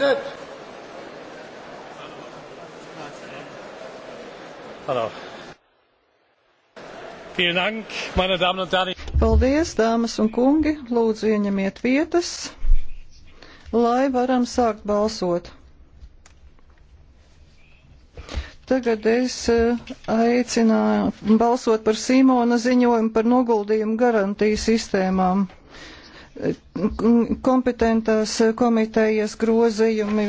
Fred. Hello. Vielen Dank, meine Damen und Herren. Paldies, dāmas un kungi. Lūdzu, ieņemiet vietas, lai varam sākt balsot. Tagad es eh, aicināju balsot par Simona ziņojumu par noguldījumu garantiju sistēmām kompetentās komitejas grozījumi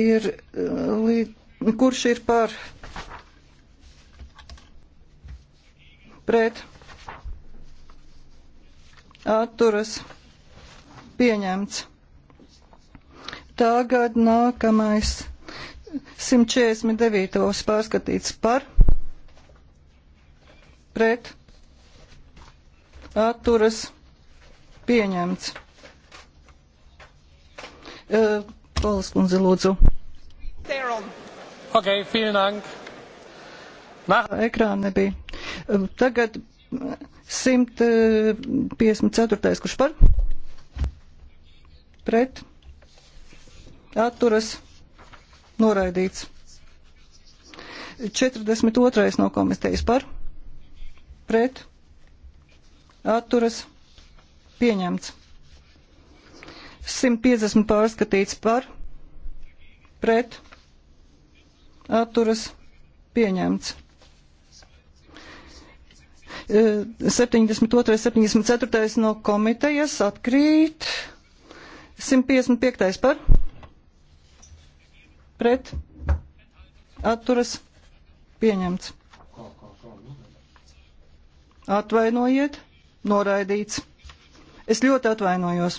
ir, kurš ir par pret atturas pieņemts. Tagad nākamais 149. pārskatīts par pret atturas pieņemts Pieņemts. Polas kundze, lūdzu. Ok, vielen dank. Nah. Ekrāna nebija. Tagad 154. kurš par? Pret. Atturas. Noraidīts. 42. no komisijas par. Pret. Atturas. Pieņemts. 150 pārskatīts par, pret, atturas, pieņemts. 72. E, 74. no komitejas atkrīt. 155. par. Pret. Atturas. Pieņemts. Atvainojiet. Noraidīts. Es ļoti atvainojos.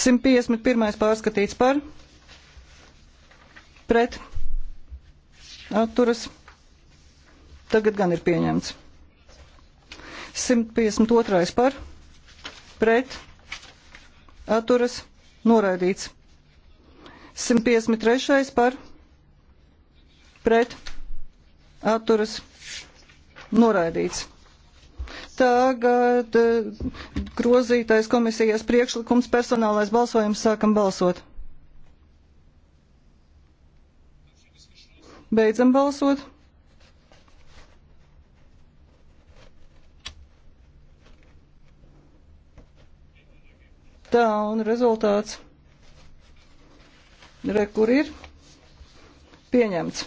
151. pārskatīts par, pret, atturas, tagad gan ir pieņemts. 152. par, pret, atturas, noraidīts. 153. par, pret, atturas, noraidīts. Tagad eh, grozītais komisijas priekšlikums personālais balsojums sākam balsot. Beidzam balsot. Tā, un rezultāts. Re, kur ir? Pieņemts.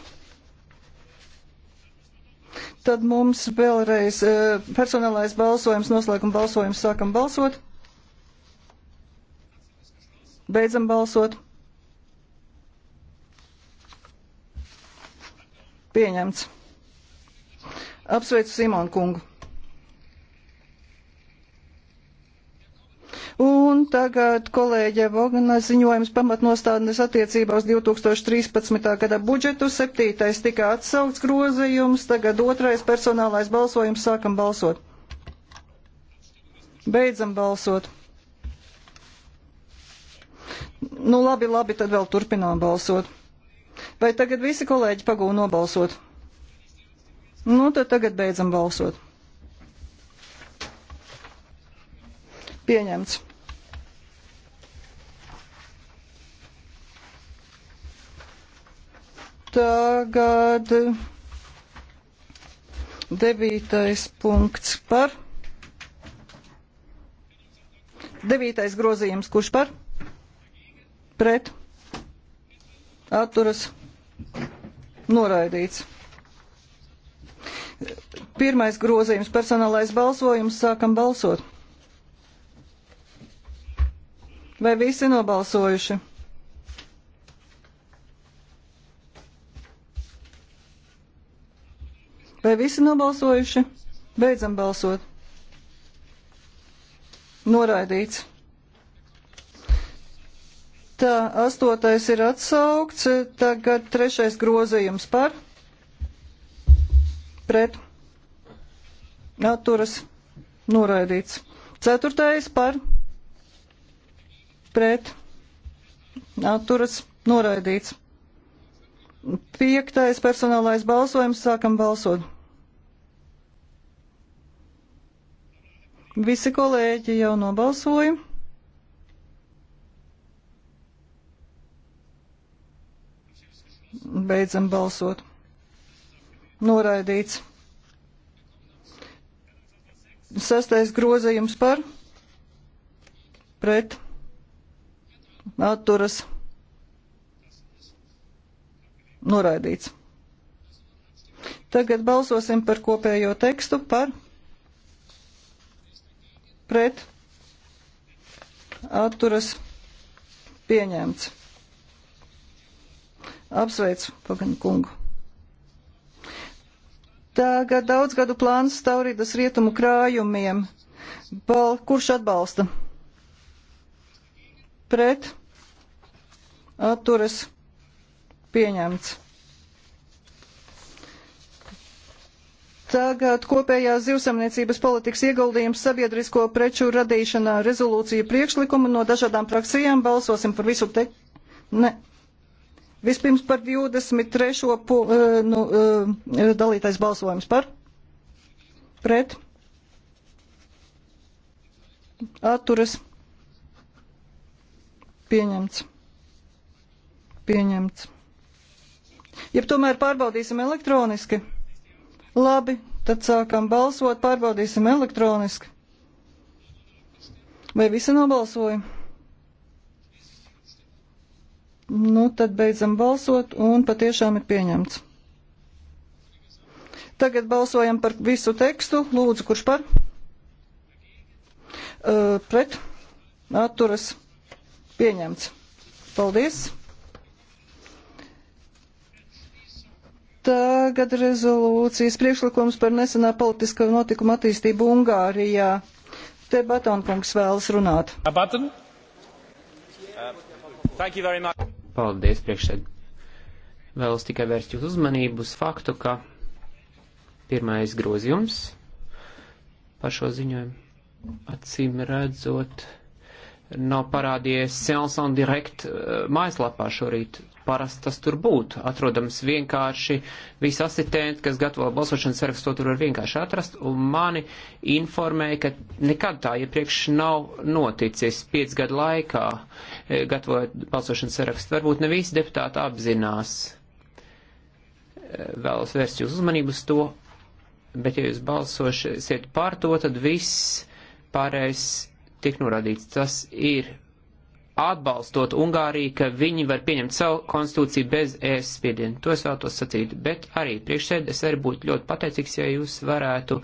Tad mums vēlreiz eh, personālais balsojums, noslēguma balsojums, sākam balsot. Beidzam balsot. Pieņemts. Apsveicu Simonu kungu. Un tagad kolēģe Vogana ziņojums pamatnostādnes attiecībā uz 2013. gada budžetu. Septītais tika atsaukts grozījums, tagad otrais personālais balsojums. Sākam balsot. Beidzam balsot. Nu labi, labi, tad vēl turpinām balsot. Vai tagad visi kolēģi pagūna nobalsot? Nu, tad tagad beidzam balsot. Pieņemts. Tagad devītais punkts par. Devītais grozījums, kurš par? Pret. Atturas. Noraidīts. Pirmais grozījums - personālais balsojums. Sākam balsot. Vai visi nobalsojuši? Vai visi nobalsojuši? Beidzam balsot. Noraidīts. Tā, astotais ir atsaukts, tagad trešais grozījums par, pret, atturas, noraidīts. Ceturtais par, pret atturas noraidīts. Piektais personālais balsojums sākam balsot. Visi kolēģi jau nobalsoja. Beidzam balsot. Noraidīts. Sastais grozījums par pret atturas noraidīts. Tagad balsosim par kopējo tekstu par pret atturas pieņemts. Apsveicu Pagaņu kungu. Tagad daudzgadu plāns Staurīdas rietumu krājumiem. Bal, kurš atbalsta? pret atturas pieņemts. Tagad kopējās zivsamniecības politikas ieguldījums sabiedrisko preču radīšanā rezolūcija priekšlikumu no dažādām frakcijām. Balsosim par visu te. Ne. Vispirms par 23. Pu, eh, nu, eh, dalītais balsojums par. Pret. Atturas. Pieņemts. Pieņemts. Ja tomēr pārbaudīsim elektroniski, labi, tad sākam balsot, pārbaudīsim elektroniski. Vai visi nobalsoja? Nu, tad beidzam balsot un patiešām ir pieņemts. Tagad balsojam par visu tekstu. Lūdzu, kurš par? Uh, pret? Atturas. Pieņemts. Paldies. Tagad rezolūcijas priekšlikums par nesenā politiskā notikuma attīstību Ungārijā. Te Batonkungs vēlas runāt. Baton? Uh, Paldies, priekšsēd. Vēlos tikai vērst jūs uzmanību uz faktu, ka pirmais grozījums par šo ziņojumu acīm redzot nav parādījies Science on Direct eh, mājaslapā šorīt. Parasti tas tur būtu. Atrodams vienkārši visi asistenti, kas gatavo balsošanas sarakstu, to tur var vienkārši atrast. Un mani informēja, ka nekad tā iepriekš nav noticis piec gadu laikā, eh, gatavojot balsošanas sarakstu. Varbūt ne visi deputāti apzinās. Eh, vēlos vērst jūs uzmanību uz to, bet ja jūs balsošiet par to, tad viss pārējais tik norādīts. Tas ir atbalstot Ungāriju, ka viņi var pieņemt savu konstitūciju bez ES spiedienu. To es vēlos sacīt, bet arī priekšsēd es arī būtu ļoti pateicīgs, ja jūs varētu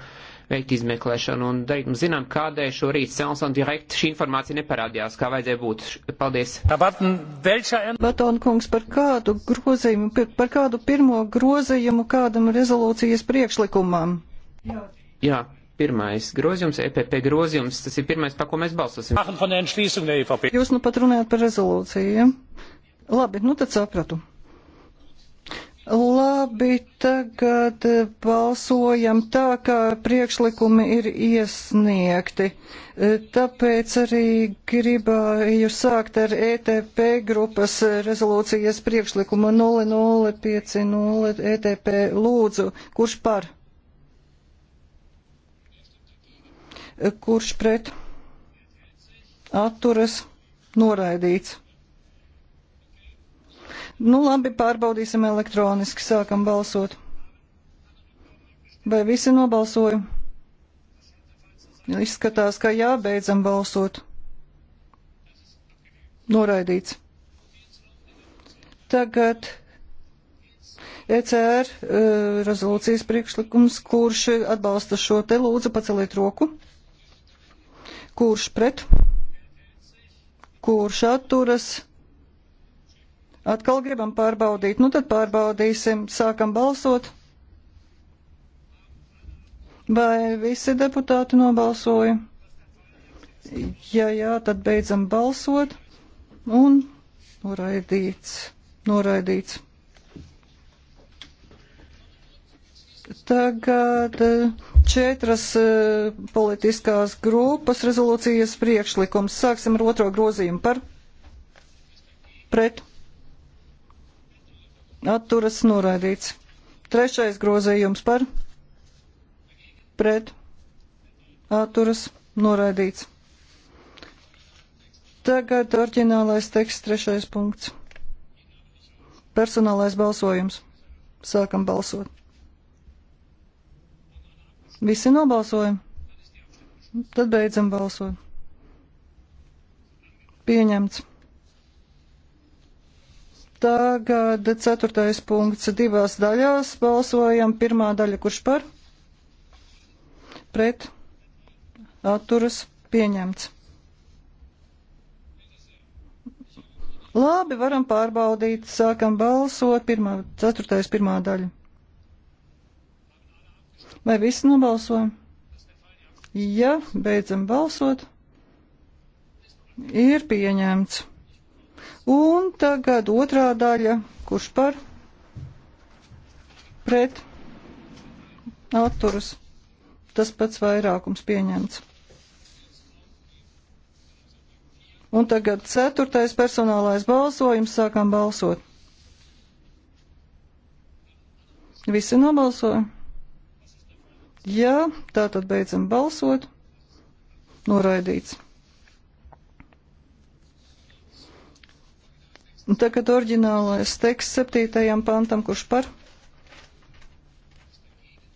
veikt izmeklēšanu un darīt mums zinām, kādēļ šorīt Selson direkt šī informācija neparādījās, kā vajadzēja būt. Paldies. Batona kungs, par kādu grozījumu, par kādu pirmo grozījumu kādam rezolūcijas priekšlikumam? Jā. Jā. Pirmais grozījums, EPP grozījums, tas ir pirmais, par ko mēs balsosim. E Jūs nu pat runājat par rezolūciju, ja? Labi, nu tad sapratu. Labi, tagad balsojam tā, kā priekšlikumi ir iesniegti. Tāpēc arī gribēju sākt ar ETP grupas rezolūcijas priekšlikumu 0050 ETP lūdzu. Kurš par? kurš pret atturas noraidīts. Nu labi, pārbaudīsim elektroniski, sākam balsot. Vai visi nobalsoja? Izskatās, ka jā, beidzam balsot. Noraidīts. Tagad ECR eh, rezolūcijas priekšlikums, kurš atbalsta šo te lūdzu paceliet roku kurš pret, kurš atturas. Atkal gribam pārbaudīt, nu tad pārbaudīsim, sākam balsot. Vai visi deputāti nobalsoja? Ja jā, tad beidzam balsot un noraidīts, noraidīts. Tagad eh, četras eh, politiskās grupas rezolūcijas priekšlikums. Sāksim ar otro grozījumu par pret atturas noraidīts. Trešais grozījums par pret atturas noraidīts. Tagad orģinālais teksts, trešais punkts. Personālais balsojums. Sākam balsot. Visi nobalsoja. Tad beidzam balsot. Pieņemts. Tagad ceturtais punkts divās daļās. Balsojam pirmā daļa, kurš par? Pret. Atturas. Pieņemts. Labi, varam pārbaudīt. Sākam balsot. Pirmā, ceturtais pirmā daļa. Vai viss nobalsoja? Ja beidzam balsot, ir pieņemts. Un tagad otrā daļa, kurš par pret atturus. Tas pats vairākums pieņemts. Un tagad ceturtais personālais balsojums sākam balsot. Visi nobalsoja. Jā, tā tad beidzam balsot. Noraidīts. Tagad oriģinālais teksts septītajam pantam, kurš par?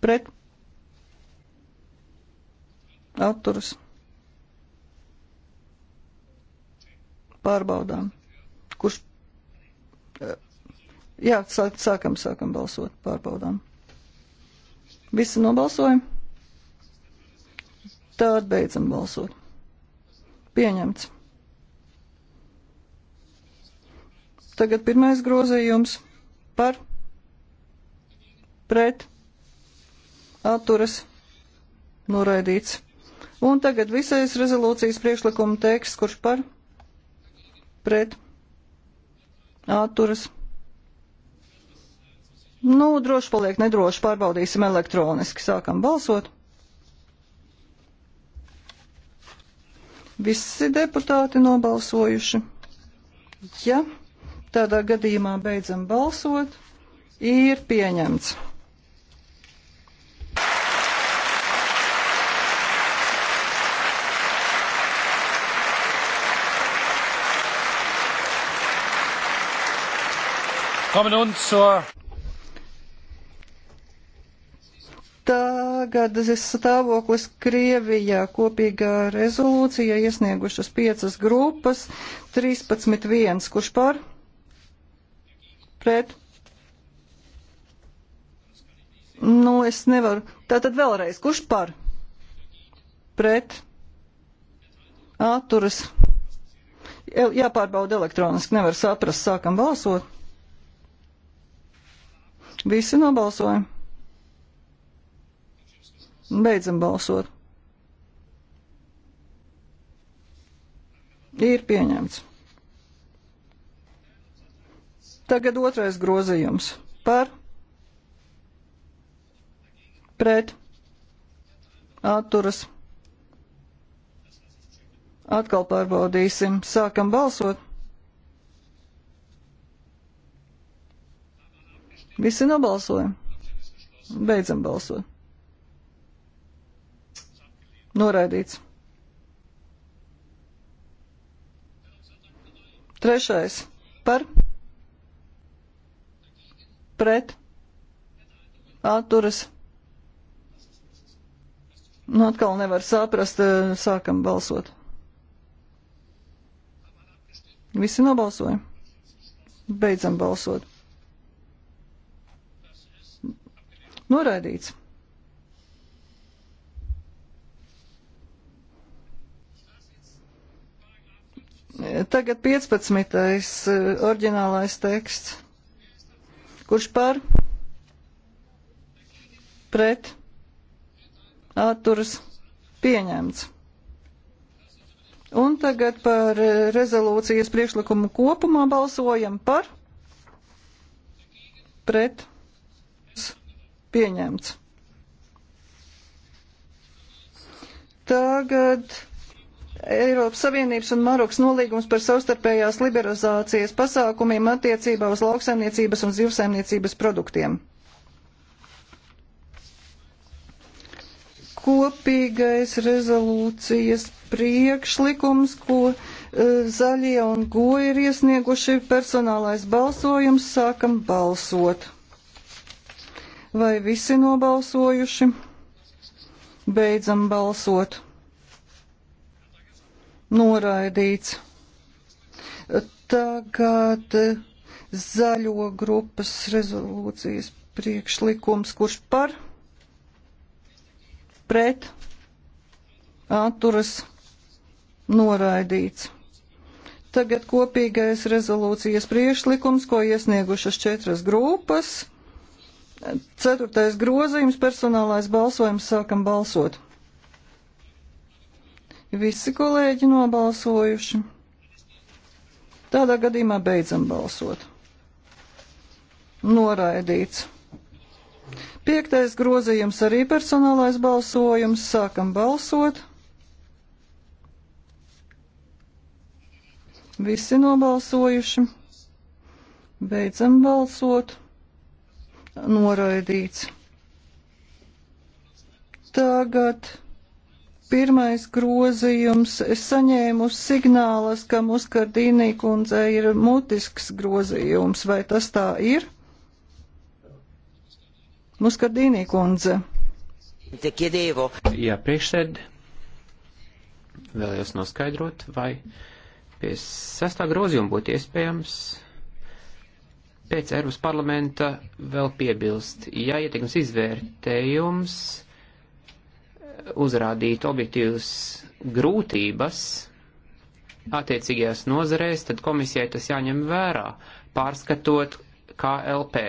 Pret? Atturas. Pārbaudām. Kurš? Jā, sākam, sākam balsot, pārbaudām. Visi nobalsoja? Tad beidzam balsot. Pieņemts. Tagad pirmais grozījums par pret atturas noraidīts. Un tagad visais rezolūcijas priekšlikuma teksts, kurš par pret atturas Nu, droši paliek nedroši, pārbaudīsim elektroniski. Sākam balsot. Visi deputāti nobalsojuši. Ja tādā gadījumā beidzam balsot, ir pieņemts. Kommen nun zur Tagad stāvoklis Krievijā kopīgā rezolūcija iesniegušas piecas grupas, 13.1. Kurš par? Pret? Nu, es nevaru. Tātad vēlreiz, kurš par? Pret? Atturas? Jāpārbauda elektroniski, nevar saprast, sākam balsot. Visi nobalsojam. Beidzam balsot. Ir pieņemts. Tagad otrais grozījums par pret atturas. Atkal pārbaudīsim. Sākam balsot. Visi nobalsojam. Beidzam balsot. Noraidīts. Trešais par pret atturas. Nu, atkal nevar saprast, eh, sākam balsot. Visi nobalsoja. Beidzam balsot. Noraidīts. Tagad 15. Eh, oriģinālais teksts. Kurš par? Pret? Atturas? Pieņemts. Un tagad par eh, rezolūcijas priekšlikumu kopumā balsojam par? Pret? Pieņemts. Tagad Eiropas Savienības un Marokas nolīgums par savstarpējās liberalizācijas pasākumiem attiecībā uz lauksaimniecības un zivsaimniecības produktiem. Kopīgais rezolūcijas priekšlikums, ko uh, zaļie un goji ir iesnieguši personālais balsojums, sākam balsot. Vai visi nobalsojuši? Beidzam balsot noraidīts. Tagad zaļo grupas rezolūcijas priekšlikums, kurš par pret atturas noraidīts. Tagad kopīgais rezolūcijas priekšlikums, ko iesniegušas četras grupas. Ceturtais grozījums - personālais balsojums. Sākam balsot! Visi kolēģi nobalsojuši. Tādā gadījumā beidzam balsot. Noraidīts. Piektais grozījums arī personālais balsojums. Sākam balsot. Visi nobalsojuši. Beidzam balsot. Noraidīts. Tagad Pirmais grozījums. Es saņēmu signālas, ka Muskardīnī kundze ir mutisks grozījums. Vai tas tā ir? Muskardīnī kundze. Jā, priekšsēd. Vēlējos noskaidrot, vai pie sastā grozījuma būtu iespējams pēc Eiropas parlamenta vēl piebilst. Ja ietekmes izvērtējums uzrādīt objektīvas grūtības attiecīgajās nozarēs, tad komisijai tas jāņem vērā, pārskatot KLP.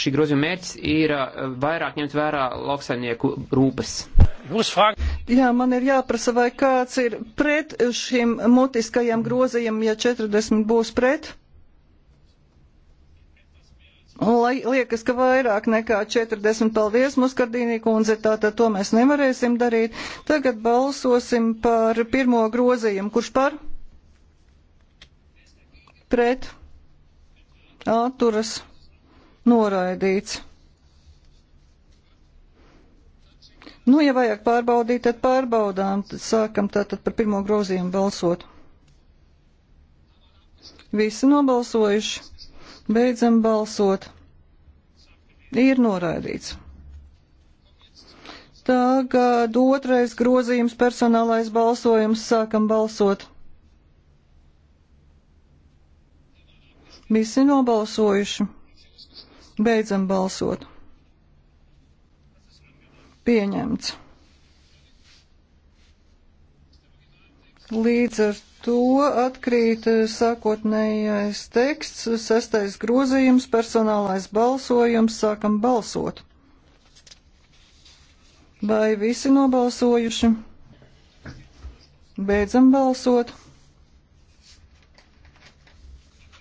Šī grozījuma mērķis ir eh, vairāk ņemt vērā lauksaimnieku rūpes. Jā, man ir jāprasa, vai kāds ir pret šim mutiskajam grozījumam, ja 40 būs pret. Lai liekas, ka vairāk nekā 40 paldies, Muskardīnī kundze, tātad to mēs nevarēsim darīt. Tagad balsosim par pirmo grozījumu. Kurš par? Pret. Atturas. Noraidīts. Nu, ja vajag pārbaudīt, tad pārbaudām. Tad sākam tātad par pirmo grozījumu balsot. Visi nobalsojuši. Beidzam balsot. Ir noraidīts. Tagad otrais grozījums personālais balsojums. Sākam balsot. Visi nobalsojuši. Beidzam balsot. Pieņemts. Līdz ar to atkrīt eh, sākotnējais teksts, sestais grozījums, personālais balsojums, sākam balsot. Vai visi nobalsojuši? Beidzam balsot.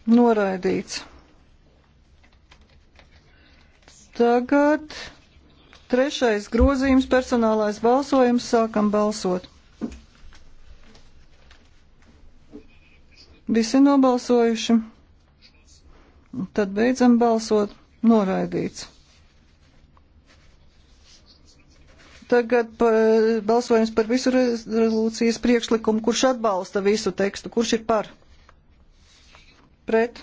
Noraidīts. Tagad trešais grozījums, personālais balsojums, sākam balsot. Visi nobalsojuši. Tad beidzam balsot. Noraidīts. Tagad par, balsojums par visu rezolūcijas priekšlikumu. Kurš atbalsta visu tekstu? Kurš ir par? Pret?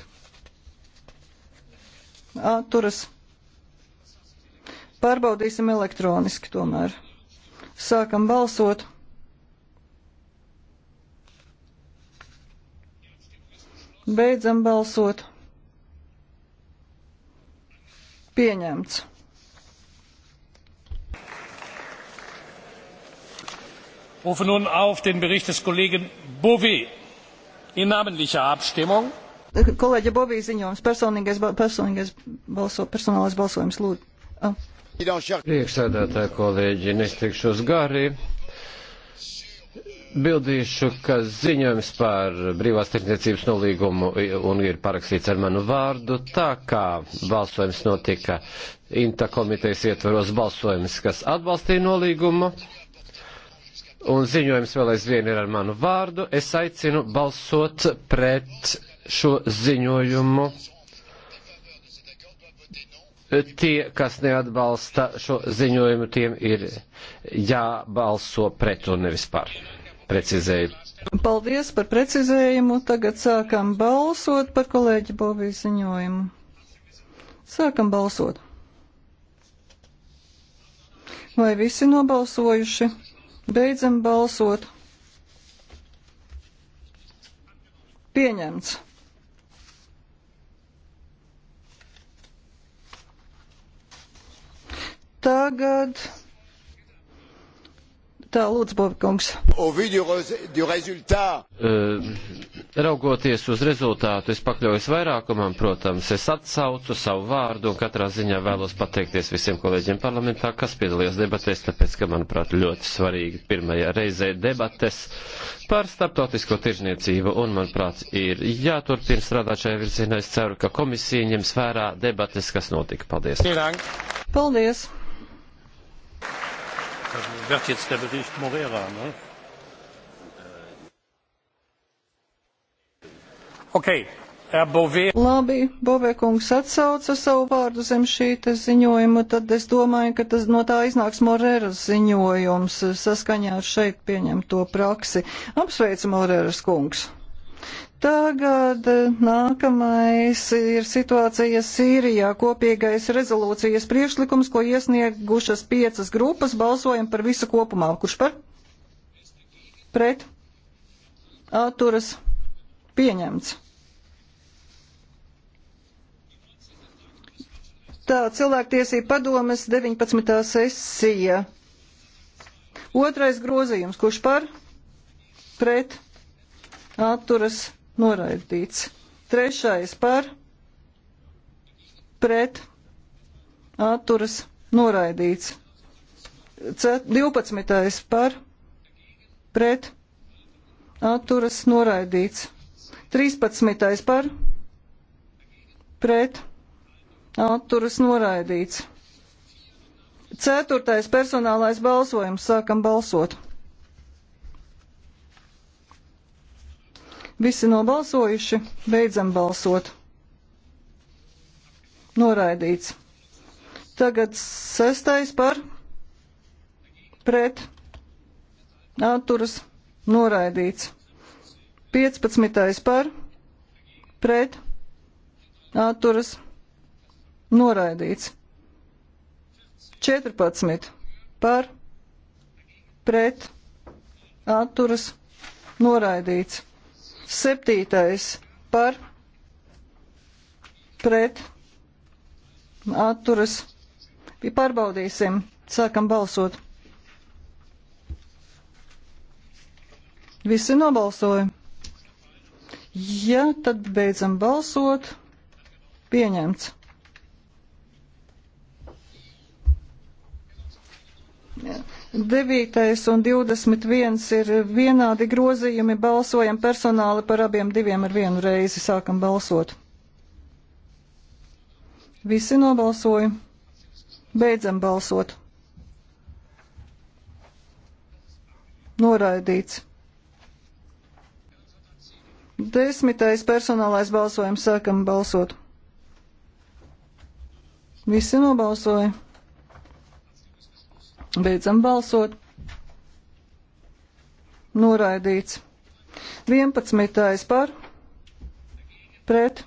Atturas. Pārbaudīsim elektroniski tomēr. Sākam balsot. Beidzam balsot. Pieņemts. rufe nun auf den bericht des kollegen bov in namentlicher abstimmung. Kolēģi Bovī ziņojums, personīgais, personīgais balso, personālais balsojums lūdzu. Oh. Priekšsēdētāji kolēģi, nestikšos gari. Bildīšu, ka ziņojums par brīvās tirdzniecības nolīgumu un ir parakstīts ar manu vārdu, tā kā balsojums notika Inta komitejas ietvaros balsojums, kas atbalstīja nolīgumu, un ziņojums vēl aizvien ir ar manu vārdu, es aicinu balsot pret šo ziņojumu tie, kas neatbalsta šo ziņojumu, tiem ir jābalso pret un nevis par precizēju. Paldies par precizējumu. Tagad sākam balsot par kolēģi Bovijas ziņojumu. Sākam balsot. Vai visi nobalsojuši? Beidzam balsot. Pieņemts. Tagad Tā lūdzu, Bobikungs. Uh, eh, raugoties uz rezultātu, es pakļaujos vairākumam, protams, es atsaucu savu vārdu un katrā ziņā vēlos pateikties visiem kolēģiem parlamentā, kas piedalījās debatēs, tāpēc, ka, manuprāt, ļoti svarīgi pirmajā reizē debates par starptautisko tirzniecību un, manuprāt, ir jāturpina strādāt šajā virzienā. Es ceru, ka komisija ņems vērā debates, kas notika. Paldies! Paldies! Also wird jetzt der Bericht Moreira, ne? Okay. Bovē. Labi, Bovē kungs atsauca savu vārdu zem šī ziņojuma, tad es domāju, ka tas no tā iznāks Moreras ziņojums saskaņā ar šeit pieņemto praksi. Apsveic Moreras kungs! Tagad eh, nākamais ir situācija Sīrijā. Kopīgais rezolūcijas priekšlikums, ko iesniegušas piecas grupas, balsojam par visu kopumā. Kurš par? Pret? Atturas? Pieņemts. Tā, cilvēktiesība padomes 19. sesija. Otrais grozījums, kurš par? Pret? Atturas? Pieņemts noraidīts. Trešais par pret atturas noraidīts. 12. par pret atturas noraidīts. 13. par pret atturas noraidīts. Ceturtais personālais balsojums. Sākam balsot. Visi nobalsojuši, beidzam balsot. Noraidīts. Tagad sestais par pret atturas noraidīts. 15. par pret atturas noraidīts. 14. par pret atturas noraidīts. Septītais par pret atturas. Pārbaudīsim. Sākam balsot. Visi nobalsoja. Ja, tad beidzam balsot. Pieņemts. 9 un 21 ir vienādi grozījumi. Balsojam personāli par abiem diviem ar vienu reizi. Sākam balsot. Visi nobalsoja. Beidzam balsot. Noraidīts. Desmitais personālais balsojums sākam balsot. Visi nobalsoja. Beidzam balsot. Noraidīts. 11. par. Pret.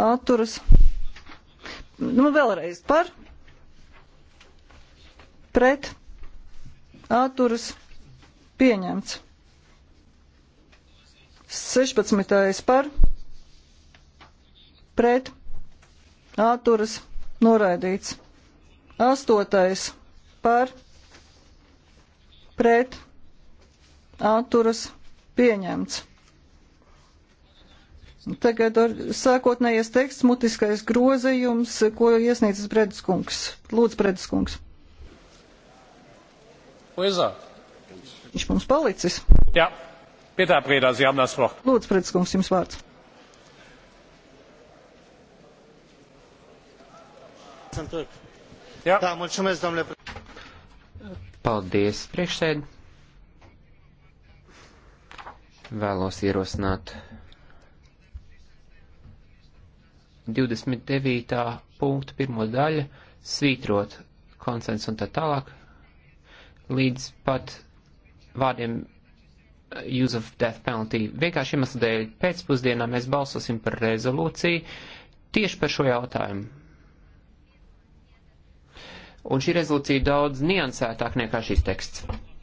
Atturas. Nu, vēlreiz par. Pret. Atturas. Pieņemts. 16. par. Pret. Atturas. Noraidīts. Astotais par pret atturas pieņemts. Tagad ar sākotnējais teksts, mutiskais grozījums, ko iesniedzis Brediskungs. Lūdzu, Brediskungs. Viņš mums palicis. Jā, Pētā Prēdā, Sie haben das Wort. Lūdzu, Brediskungs, jums vārds. Santurp. Jā. Tā, mulčumēs, domnule. Paldies, priekšsēd. Vēlos ierosināt 29. punktu pirmo daļu, svītrot konsens un tā tālāk, līdz pat vārdiem eh, use of death penalty. Vienkārši iemeslu dēļ pēcpusdienā mēs balsosim par rezolūciju tieši par šo jautājumu. Un šī rezolūcija daudz niansētāk nekā šis teksts.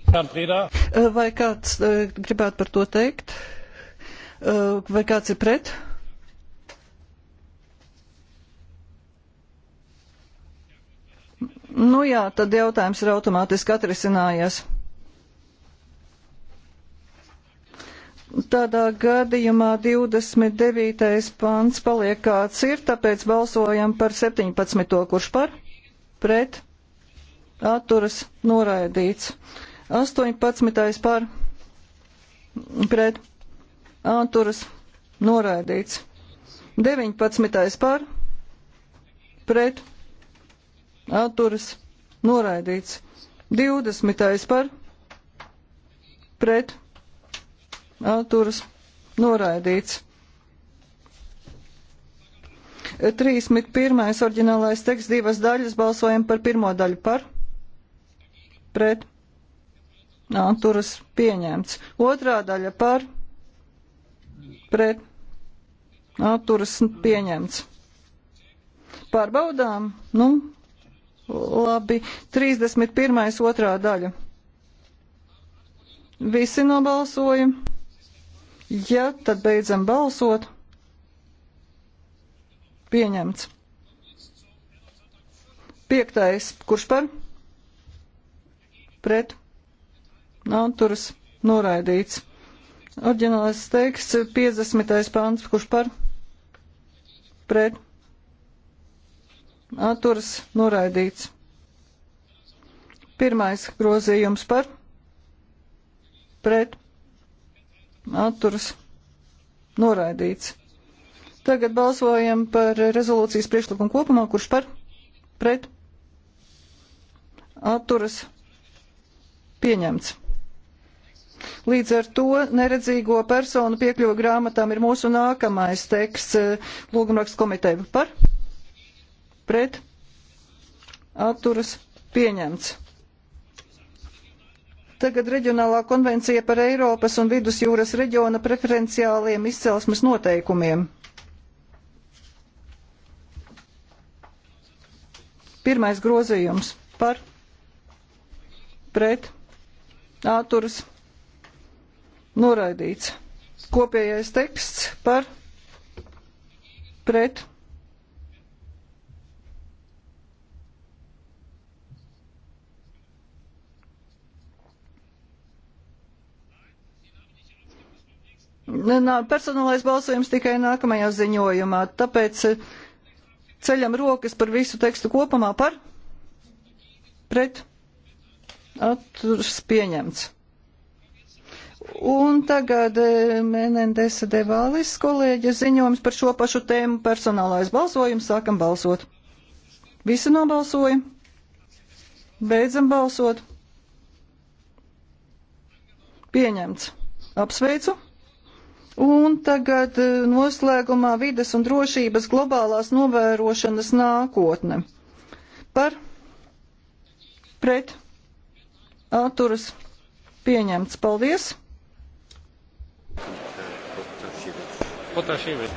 Eh, vai kāds eh, gribētu par to teikt? Eh, vai kāds ir pret? Nu jā, tad jautājums ir automātiski atrisinājies. Tādā gadījumā 29. pants paliek kāds ir, tāpēc balsojam par 17. kurš par? Pret? atturas noraidīts. 18. par pret atturas noraidīts. 19. par pret atturas noraidīts. 20. par pret atturas noraidīts. 31. oriģinālais teksts divas daļas balsojam par pirmo daļu par pret atturas pieņemts. Otrā daļa par pret atturas pieņemts. Pārbaudām, nu, labi, 31. otrā daļa. Visi nobalsoja. Ja, tad beidzam balsot. Pieņemts. Piektais, kurš par? pret atturas noraidīts. Orģinālais teksts 50. pāns, kurš par pret atturas noraidīts. Pirmais grozījums par pret atturas noraidīts. Tagad balsojam par rezolūcijas priekšlikumu kopumā, kurš par pret atturas noraidīts Pieņemts. Līdz ar to neredzīgo personu piekļuva grāmatām ir mūsu nākamais teksts eh, lūgumrakstu komiteju par, pret, atturas, pieņemts. Tagad reģionālā konvencija par Eiropas un Vidusjūras reģiona preferenciāliem izcelsmes noteikumiem. Pirmais grozījums par, pret, Āturas noraidīts. Kopējais teksts par pret. Nā, personālais balsojums tikai nākamajā ziņojumā, tāpēc eh, ceļam rokas par visu tekstu kopumā par pret. Atturs pieņemts. Un tagad eh, Menendesa Devālis kolēģa ziņojums par šo pašu tēmu personālais balsojums. Sākam balsot. Visi nobalsoja. Beidzam balsot. Pieņemts. Apsveicu. Un tagad eh, noslēgumā vides un drošības globālās novērošanas nākotne. Par pret atturas pieņemts. Paldies! Potašīvi. Potašīvi.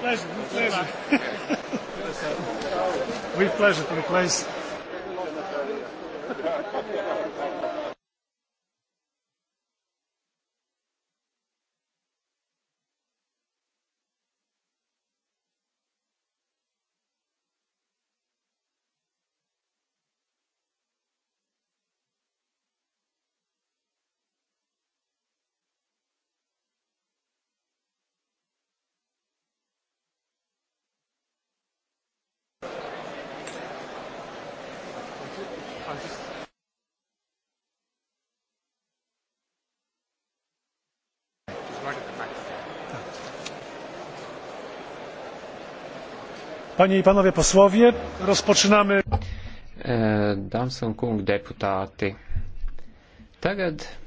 pleasure, with pleasure. with pleasure, with pleasure. Panie i panowie posłowie, rozpoczynamy. E, Dāmas un kungi deputāti, tagad